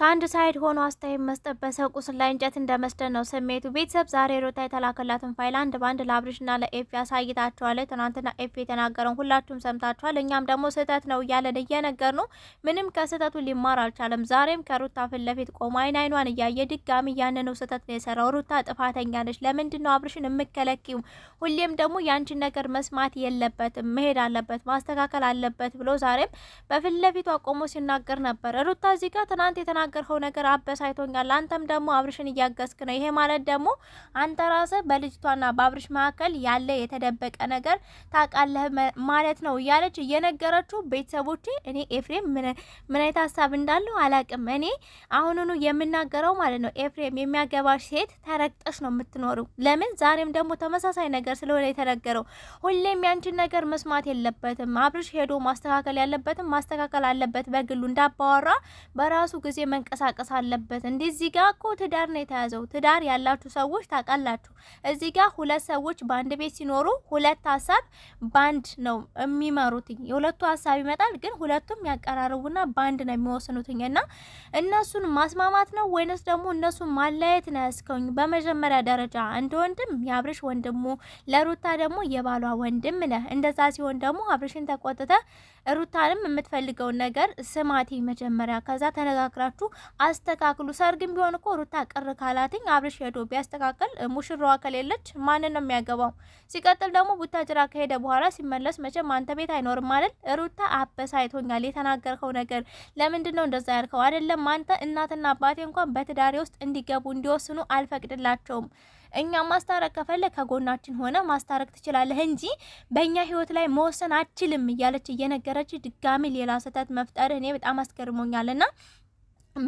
ከአንድ ሳይድ ሆኖ አስተያየት መስጠት ቁስል ላይ እንጨት እንደመስደድ ነው ስሜቱ። ቤተሰብ ዛሬ ሩታ የተላከላትን ፋይል አንድ ባንድ ለአብርሽና ለኤፌ አሳይታችኋለች። ትናንትና ኤፍ የተናገረውን ሁላችሁም ሰምታችኋል። እኛም ደግሞ ስህተት ነው እያለን እየነገር ነው። ምንም ከስህተቱ ሊማር አልቻለም። ዛሬም ከሩታ ፊት ለፊት ቆሞ አይን አይኗን እያየ ድጋሚ ያንኑ ስህተት ነው የሰራው። ሩታ ጥፋተኛ ነች። ለምንድን ነው አብርሽን የምከለኪው? ሁሌም ደግሞ የአንቺን ነገር መስማት የለበትም መሄድ አለበት ማስተካከል አለበት ብሎ ዛሬም በፊት ለፊቷ ቆሞ ሲናገር ነበር። ሩታ እዚህ ጋር ትናንት የተናገ የተናገርከው ነገር አበሳይቶኛል። አንተም ደግሞ አብርሽን እያገዝክ ነው። ይሄ ማለት ደግሞ አንተ ራስህ በልጅቷና በአብርሽ መካከል ያለ የተደበቀ ነገር ታውቃለህ ማለት ነው እያለች እየነገረችው፣ ቤተሰቦች እኔ ኤፍሬም ምን አይነት ሀሳብ እንዳለው አላቅም። እኔ አሁኑኑ የምናገረው ማለት ነው ኤፍሬም የሚያገባሽ ሴት ተረግጠሽ ነው የምትኖረው። ለምን ዛሬም ደግሞ ተመሳሳይ ነገር ስለሆነ የተነገረው። ሁሌም ያንቺን ነገር መስማት የለበትም አብርሽ ሄዶ ማስተካከል ያለበትም ማስተካከል አለበት። በግሉ እንዳባወራ በራሱ ጊዜ መንቀሳቀስ አለበት። እንዴ እዚህ ጋር እኮ ትዳር ነው የተያዘው። ትዳር ያላችሁ ሰዎች ታውቃላችሁ። እዚህ ጋር ሁለት ሰዎች በአንድ ቤት ሲኖሩ ሁለት ሀሳብ ባንድ ነው የሚመሩት። የሁለቱ ሀሳብ ይመጣል፣ ግን ሁለቱም ያቀራርቡና ባንድ ነው የሚወስኑትኝ እና እነሱን ማስማማት ነው ወይንስ ደግሞ እነሱን ማለያየት ነው ያስከውኝ? በመጀመሪያ ደረጃ እንደ ወንድም የአብርሽ ወንድሙ ለሩታ ደግሞ የባሏ ወንድም ነህ። እንደዛ ሲሆን ደግሞ አብርሽን ተቆጥተ ሩታንም የምትፈልገውን ነገር ስማቴ መጀመሪያ ከዛ ተነጋግራችሁ አስተካክሉ። ሰርግም ቢሆን እኮ ሩታ ቅር ካላትኝ አብርሽ ሄዶ ቢያስተካከል ሙሽራዋ ከሌለች ማንን ነው የሚያገባው? ሲቀጥል ደግሞ ቡታጅራ ከሄደ በኋላ ሲመለስ መቼም አንተ ቤት አይኖርም አይደል? ሩታ አበሳይቶኛል የተናገርከው ነገር። ለምንድን ነው እንደዛ ያልከው? አይደለም አንተ እናትና አባቴ እንኳን በትዳሬ ውስጥ እንዲገቡ እንዲወስኑ አልፈቅድላቸውም። እኛ ማስታረቅ ከፈለግ ከጎናችን ሆነ ማስታረቅ ትችላለህ እንጂ በእኛ ህይወት ላይ መወሰን አችልም እያለች እየነገረች ድጋሚ ሌላ ስህተት መፍጠር እኔ በጣም ና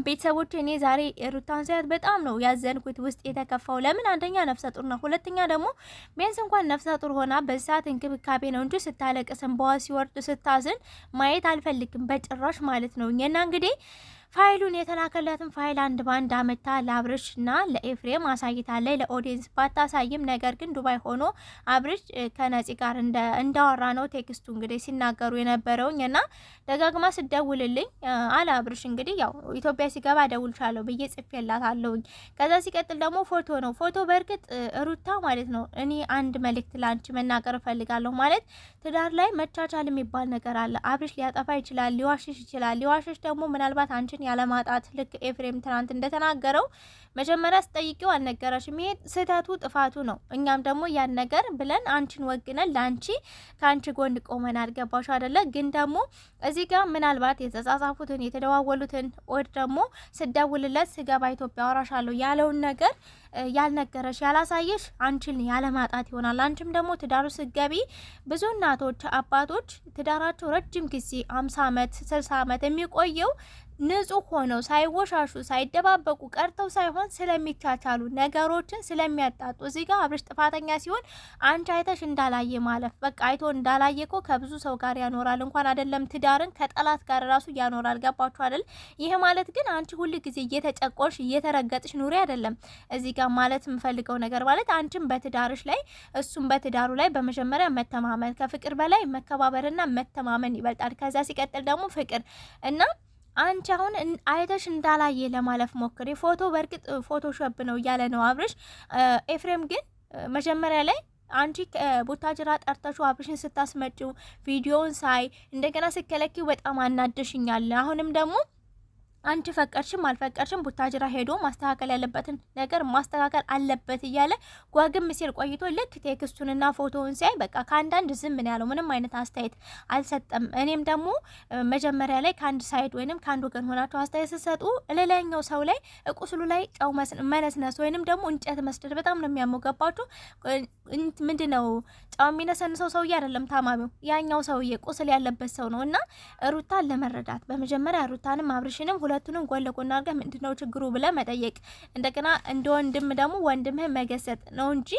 ቤተሰቦች እኔ ዛሬ ሩታን ሳያት በጣም ነው ያዘንኩት፣ ውስጥ የተከፋው። ለምን አንደኛ ነፍሰ ጡር ነው፣ ሁለተኛ ደግሞ ቢያንስ እንኳን ነፍሰ ጡር ሆና በሰዓት እንክብካቤ ነው እንጂ ስታለቅስ፣ እንባዋ ሲወርድ፣ ስታዝን ማየት አልፈልግም በጭራሽ ማለት ነው እኛና እንግዲህ ፋይሉን የተላከለትን ፋይል አንድ ባንድ አመታ ለአብርሽ እና ለኤፍሬም አሳይታለች። ለኦዲየንስ ባታሳይም ነገር ግን ዱባይ ሆኖ አብርሽ ከነፂ ጋር እንዳወራ ነው ቴክስቱ እንግዲህ ሲናገሩ የነበረውኝ እና ደጋግማ ስደውልልኝ አለ አብርሽ። እንግዲህ ያው ኢትዮጵያ ሲገባ ደውልሻለሁ ብዬ ጽፌላታለሁኝ። ከዛ ሲቀጥል ደግሞ ፎቶ ነው ፎቶ በእርግጥ ሩታ ማለት ነው እኔ አንድ መልእክት ላንቺ መናገር እፈልጋለሁ። ማለት ትዳር ላይ መቻቻል የሚባል ነገር አለ። አብርሽ ሊያጠፋ ይችላል፣ ሊዋሽሽ ይችላል። ሊዋሽሽ ደግሞ ምናልባት አንቺ ልጆችን ያለማጣት ልክ ኤፍሬም ትናንት እንደተናገረው መጀመሪያ ስጠይቂው አልነገረሽም። ይሄ ስህተቱ ጥፋቱ ነው። እኛም ደግሞ ያን ነገር ብለን አንቺን ወግነን ለአንቺ ከአንቺ ጎን ቆመን አልገባሽ አደለ? ግን ደግሞ እዚህ ጋር ምናልባት የተጻጻፉትን የተደዋወሉትን ወድ ደግሞ ስደውልለት ስገባ ኢትዮጵያ አወራሻለሁ ያለውን ነገር ያልነገረሽ ያላሳየሽ አንቺን ያለማጣት ይሆናል። አንቺም ደግሞ ትዳሩ ስገቢ ብዙ እናቶች፣ አባቶች ትዳራቸው ረጅም ጊዜ አምሳ ዓመት ስልሳ ዓመት የሚቆየው ንጹህ ሆነው ሳይወሻሹ ሳይደባበቁ ቀርተው ሳይሆን ስለሚቻቻሉ ነገሮችን ስለሚያጣጡ። እዚህ ጋር አብርሽ ጥፋተኛ ሲሆን አንቺ አይተሽ እንዳላየ ማለፍ በቃ አይቶ እንዳላየ ኮ ከብዙ ሰው ጋር ያኖራል፣ እንኳን አይደለም ትዳርን ከጠላት ጋር ራሱ ያኖራል። ገባችሁ አይደል? ይሄ ማለት ግን አንቺ ሁል ጊዜ እየተጨቆንሽ እየተረገጥሽ ኑሪ አይደለም እዚህ ጋር ማለት የምፈልገው ነገር ማለት አንቺም በትዳርሽ ላይ እሱም በትዳሩ ላይ በመጀመሪያ መተማመን ከፍቅር በላይ መከባበርና መተማመን ይበልጣል። ከዛ ሲቀጥል ደግሞ ፍቅር እና አንቺ አሁን አይተሽ እንዳላየ ለማለፍ ሞክሪ። ፎቶ በእርግጥ ፎቶሾፕ ነው እያለ ነው አብርሽ። ኤፍሬም ግን መጀመሪያ ላይ አንቺ ቡታጅራ ጠርተሹ አብርሽን ስታስመጪው ቪዲዮውን ሳይ እንደገና ስከለኪው በጣም አናደሽኛል። አሁንም ደግሞ አንቺ ፈቀድሽም አልፈቀድሽም ቡታጅራ ሄዶ ማስተካከል ያለበትን ነገር ማስተካከል አለበት እያለ ጓግም ሲል ቆይቶ ልክ ቴክስቱንና ፎቶውን ሲያይ በቃ ከአንዳንድ ዝም ምን ያለው። ምንም አይነት አስተያየት አልሰጠም። እኔም ደግሞ መጀመሪያ ላይ ከአንድ ሳይድ ወይንም ከአንድ ወገን ሆናቸው አስተያየት ስትሰጡ ሌላኛው ሰው ላይ ቁስሉ ላይ ጨው መነስነስ ወይንም ደግሞ እንጨት መስደድ በጣም ነው የሚያሞገባችሁ። ምንድን ነው ጨው የሚነሰንሰው ሰውዬ አይደለም ታማሚው፣ ያኛው ሰውዬ ቁስል ያለበት ሰው ነው እና ሩታን ለመረዳት በመጀመሪያ ሩታንም አብርሽንም ሁለቱንም ጎን ለጎን አድርገህ ምንድነው ችግሩ ብለህ መጠየቅ፣ እንደገና እንደ ወንድም ደግሞ ወንድም መገሰጥ ነው እንጂ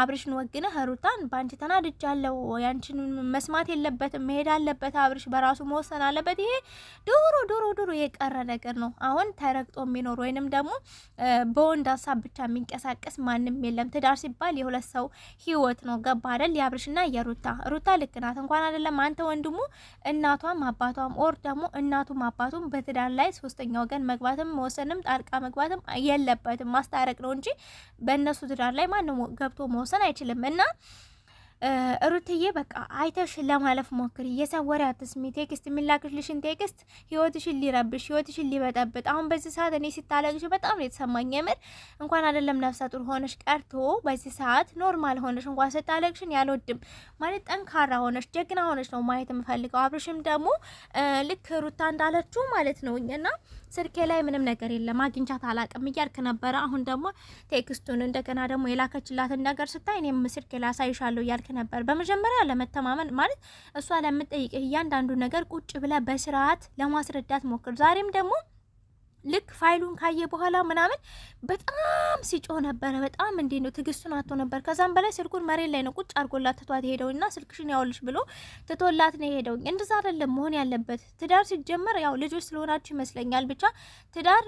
አብርሽን ወግነህ ሩታን በአንቺ ተናድጃለሁ፣ ያንቺን መስማት የለበትም መሄድ አለበት አብርሽ በራሱ መወሰን አለበት። ይሄ ዶሮ ዶሮ ድሮ የቀረ ነገር ነው። አሁን ተረግጦ የሚኖር ወይንም ደግሞ በወንድ ሀሳብ ብቻ የሚንቀሳቀስ ማንም የለም። ትዳር ሲባል የሁለት ሰው ህይወት ነው። ገባ አይደል? የአብርሽና የሩታ ሩታ ልክ ናት። እንኳን አይደለም አንተ ወንድሙ እናቷም አባቷም ኦር ደግሞ እናቱም አባቱም በትዳር ላይ ላይ ሶስተኛ ወገን መግባትም መወሰንም ጣልቃ መግባትም የለበትም። ማስታረቅ ነው እንጂ በእነሱ ትዳር ላይ ማንም ገብቶ መወሰን አይችልም እና ሩትዬ በቃ አይተሽ ለማለፍ ሞክሪ። የሰው ወሬ አትስሚ። ቴክስት የሚላክልሽን ቴክስት ህይወትሽን ሊረብሽ ህይወትሽን ሊበጠብጥ። አሁን በዚህ ሰዓት እኔ ሲታለቅሽ በጣም ነው የተሰማኝ። የምር እንኳን አይደለም ነፍሰ ጡር ሆነሽ ቀርቶ በዚህ ሰዓት ኖርማል ሆነሽ እንኳን ስታለቅሽን ያልወድም ማለት ጠንካራ ሆነሽ ጀግና ሆነሽ ነው ማየት የምፈልገው። አብርሽም ደግሞ ልክ ሩታ እንዳለችው ማለት ነው እና ስልኬ ላይ ምንም ነገር የለም አግኝቻት አላቅም እያልክ ነበረ። አሁን ደግሞ ቴክስቱን እንደገና ደግሞ የላከችላትን ነገር ስታይ እኔም ስልኬ ላይ አሳይሻለሁ እያልክ ነበር። በመጀመሪያ ለመተማመን ማለት እሷ ለምጠይቅህ እያንዳንዱ ነገር ቁጭ ብለህ በስርዓት ለማስረዳት ሞክር። ዛሬም ደግሞ ልክ ፋይሉን ካየ በኋላ ምናምን በጣም ሲጮህ ነበረ። በጣም እንዴ ነው ትግስቱን አቶ ነበር። ከዛም በላይ ስልኩን መሬት ላይ ነው ቁጭ አድርጎላት ትቷት ሄደው ስልክሽን ያውልሽ ብሎ ትቶላት ነው ሄደው። እንደዛ አይደለም መሆን ያለበት። ትዳር ሲጀመር ያው ልጆች ስለሆናችሁ ይመስለኛል ብቻ ትዳር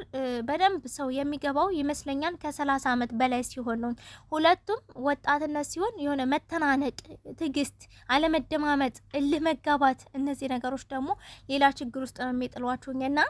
በደንብ ሰው የሚገባው ይመስለኛል ከሰላሳ አመት በላይ ሲሆን ነው። ሁለቱም ወጣትነት ሲሆን የሆነ መተናነቅ፣ ትግስት፣ አለመደማመጥ፣ እልህ መጋባት፣ እነዚህ ነገሮች ደግሞ ሌላ ችግር ውስጥ ነው የሚጥሏችሁኝ እና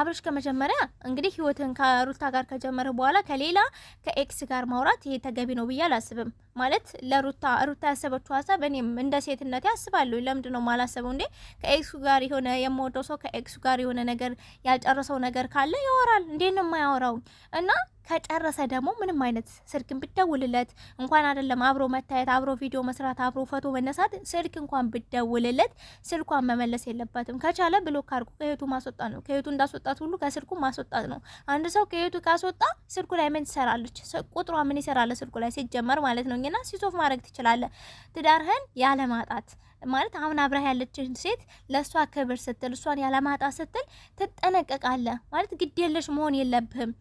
አብርሽ ከመጀመሪያ እንግዲህ ህይወትን ከሩታ ጋር ከጀመረ በኋላ ከሌላ ከኤክስ ጋር ማውራት ይሄ ተገቢ ነው ብዬ አላስብም። ማለት ለሩታ ሩታ ያሰበችው ሀሳብ እኔም እንደ ሴትነት ያስባለሁ። ለምንድን ነው ማላሰበው እንዴ? ከኤክሱ ጋር የሆነ የምወደው ሰው ከኤክሱ ጋር የሆነ ነገር ያልጨረሰው ነገር ካለ ያወራል። እንዴት ነው የማያወራው? እና ከጨረሰ ደግሞ ምንም አይነት ስልክን ብደውልለት እንኳን አይደለም አብሮ መታየት፣ አብሮ ቪዲዮ መስራት፣ አብሮ ፎቶ መነሳት፣ ስልክ እንኳን ብደውልለት ስልኳን መመለስ የለበትም ከቻለ ብሎክ አድርጎ ከህይወቱ ማስወጣት ነው። ከህይወቱ እንዳስወጣት ሁሉ ከስልኩ ማስወጣት ነው። አንድ ሰው ከህይወቱ ካስወጣ ስልኩ ላይ ምን ትሰራለች? ቁጥሯ ምን ይሰራለ ስልኩ ላይ ሲጀመር ማለት ነው። ጊዜና ሲሶፍ ማድረግ ትችላለህ። ትዳርህን ያለማጣት ማለት አሁን አብረህ ያለችን ሴት ለእሷ ክብር ስትል እሷን ያለማጣት ስትል ትጠነቀቃለህ ማለት ግድ የለሽ መሆን የለብህም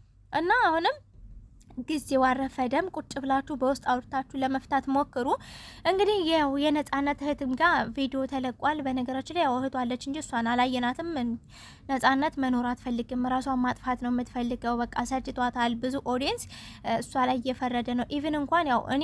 እና አሁንም ጊዜው አረፈደም። ቁጭ ብላችሁ በውስጥ አውርታችሁ ለመፍታት ሞክሩ። እንግዲህ ያው የነጻነት እህትም ጋር ቪዲዮ ተለቋል። በነገራችን ላይ ያው እህቷለች እንጂ እሷን አላየናትም። ነጻነት መኖር አትፈልግም፣ ራሷን ማጥፋት ነው የምትፈልገው። በቃ ሰልችቷታል። ብዙ ኦዲየንስ እሷ ላይ እየፈረደ ነው። ኢቭን እንኳን ያው እኔ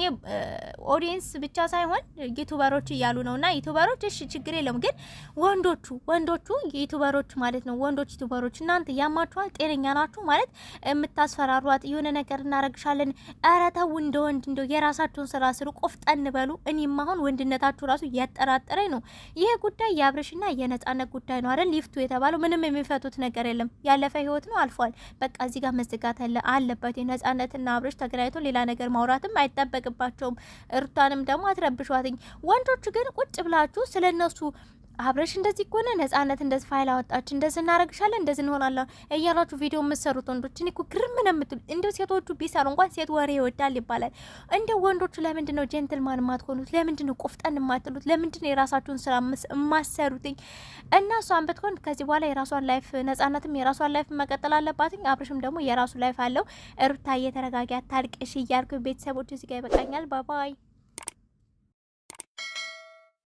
ኦዲየንስ ብቻ ሳይሆን ዩቱበሮች እያሉ ነው እና ዩቱበሮች እሺ፣ ችግር የለውም ግን ወንዶቹ ወንዶቹ ዩቱበሮች ማለት ነው ወንዶች ዩቱበሮች እናንተ ያማችኋል? ጤነኛ ናችሁ ማለት የምታስፈራሯት የሆነ ነገር እናረግሻለን። ኧረ ተው እንደ ወንድ እንደው የራሳችሁን ስራ ስሩ፣ ቆፍጠን በሉ። እኔም አሁን ወንድነታችሁ ራሱ እያጠራጠረኝ ነው። ይሄ ጉዳይ የአብርሽና የነጻነት ጉዳይ ነው አይደል? ሊፍቱ የተባለው ምንም የሚፈቱት ነገር የለም። ያለፈ ህይወት ነው፣ አልፏል። በቃ እዚህ ጋር መዘጋት አለበት። የነጻነትና አብርሽ ተገናኝቶ ሌላ ነገር ማውራትም አይጠበቅባቸውም። እርቷንም ደግሞ አትረብሿትኝ። ወንዶች ግን ቁጭ ብላችሁ ስለነሱ አብረሽ እንደዚህ ከሆነ ነጻነት እንደዚህ ፋይል አወጣች እንደዚህ እናረግሻለን እንደዚህ እንሆናለን እያላችሁ ቪዲዮ የምትሰሩት ወንዶች እኔ እኮ ግርም ነው የምትሉ። እንደው ሴቶቹ ቢሰሩ እንኳን ሴት ወሬ ይወዳል ይባላል። እንደው ወንዶቹ ለምንድን ነው ጀንትልማን የማትሆኑት? ለምንድን ነው ቆፍጠን የማትሉት? ለምንድን ነው የራሳችሁን ስራ የማሰሩትኝ? እና እሷን ብትሆን ከዚህ በኋላ የራሷን ላይፍ ነጻነትም የራሷን ላይፍ መቀጠል አለባትኝ። አብረሽም ደግሞ የራሱ ላይፍ አለው። እሩታ እየተረጋጊ አታልቅሽ እያልኩ ቤተሰቦች እዚህ ጋ ይበቃኛል። ባባይ